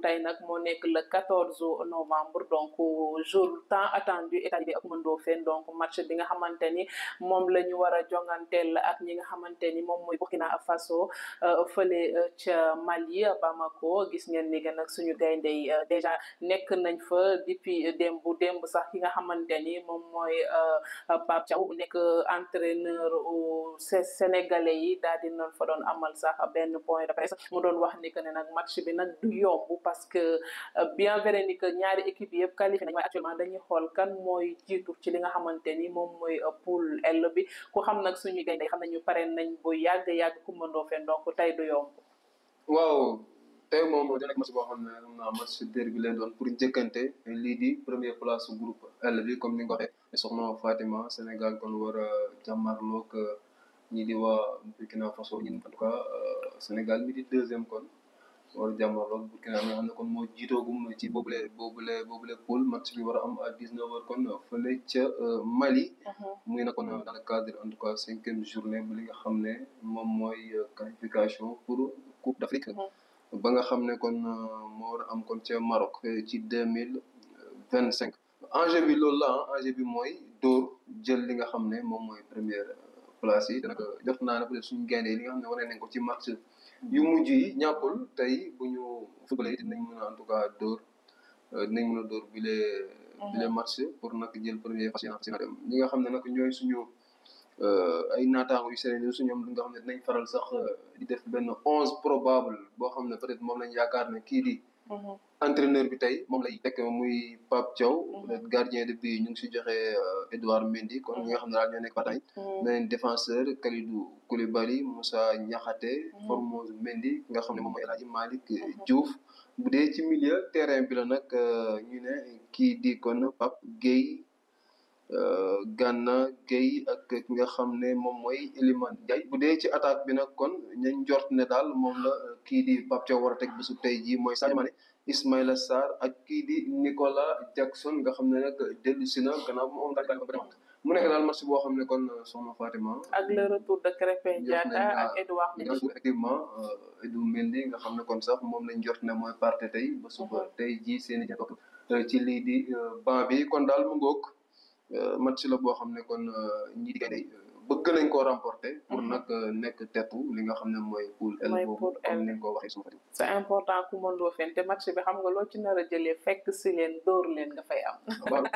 tey nag moo nekk le 14 novembre donc jour tant attendu état bi ak Ndofène donc match bi nga xamante ni moom la ñu war a jonganteel ak ñi nga xamante ni moom mooy Burkina Faso euh, fële euh, ca Mali Bamako gis ngeen ni que nag suñu gaynde yi euh, déjà nekk nañ fa depuis démb demb sax ki nga xamante ni moom mooy Pape Thiaw nekk entraîneur sénégalais yi daal di nañ fa doon amal sax benn point de presse mu doon wax ni que ne nag match bi nag du yomb parce que euh, bien vrai ni que ñaari équipe yëpp qualifié nañ waaye actuellement dañuy xool kan mooy jiitu ci li nga xamante ni moom mooy euh, poule L bi ku xam nag suñu gaynde xam nañu pare nañ bu yàgg yàgg Coumba Ndoffène donc tey du yomb. waaw tey moom moo nekk match boo xam ne am naa doon pour njëkkante lii di première place groupe L bi comme ni nga ko waxee soxna Fatima Sénégal kon war a jàmmarloog euh, ñii di waa Burkina Faso ñun en tout Sénégal mi deuxième kon. war jàmmarloog Burkina nga xam ne kon moo jiitoogum ci boobule boobule boobule pool match bi war a am à 19h kon fële ca euh, Mali. muy na kon dans cadre en tout cas cinquième journée bu li nga xam ne moom mooy euh, qualification pour Coupe d'Afrique. Uh-huh. ba nga xam ne kon euh, moo am kon ca Maroc ci deux mille vingt cinq. enjeu bi loolu la ah bi mooy dóor jël li nga xam ne moom mooy première. place yi donc jot naa ne peut être suñu gaynde yi li nga xam ne wane nañ ko ci match yu mujj yi ñàkkul tey bu ñu footballee dinañ mën a en tout cas dóor euh, dinañ mën a dóor bi lee mhm. bi lee match pour nag jël premier fas yéene dem ñi nga xam ne nag ñooy suñu euh, ay naataango yu Sénégal su ñoom nga xam ne dinañ faral sax euh, di def benn onze probable boo xam ne peut être moom lañ yaakaar ne kii di Mhm. entraîneur bi tey moom lay fekk muy Pape Thiaw. Mhm. gardien de but ñu ngi si joxe euh, Edouard Mendy kon ñi nga xam ne daal ñoo nekk Bataille. Mhm. beneen défenseur Kalidou Koulibaly Moussa Niakhaté. Formose Mendy nga xam ne moom mooy El Hadji Malick dee ci milieu terrain bi la nag euh, ñu ne kii di kon Pape Gueye. Euh, Gana Gueye ak ki nga xam ne moom mooy Iliman Ndiaye bu dee ci attaque bi nag kon ñañ njort ne daal moom la euh, kii di Pape Thiaw war a teg bésu tey jii mooy Sadio Mané Ismaïla Sarr ak kii di Nicolas Jackson nga xam ne nag dellu na gannaaw bu moom mu nekk daal match boo xam ne kon euh, soxna Fatima. ak le retour de Krépin Diatta ak Edouard Mendy effectivement Edou Mendy nga xam ne kon sax moom lañ jot ne mooy parte tey ba suba mhm. tey jii seen i ci lii di banc bi kon daal mu Euh, match la boo xam ne kon euh, ñi gane euh, bëgg nañ koo remporter. pour mhm. nag nekk tetu li nga xam ne mooy poule L boobu comme ni nga ko waxee suufati c'est important ku mën loo fen te match bi xam nga loo ci nar a jëlee fekk si leen dóor leen nga fay am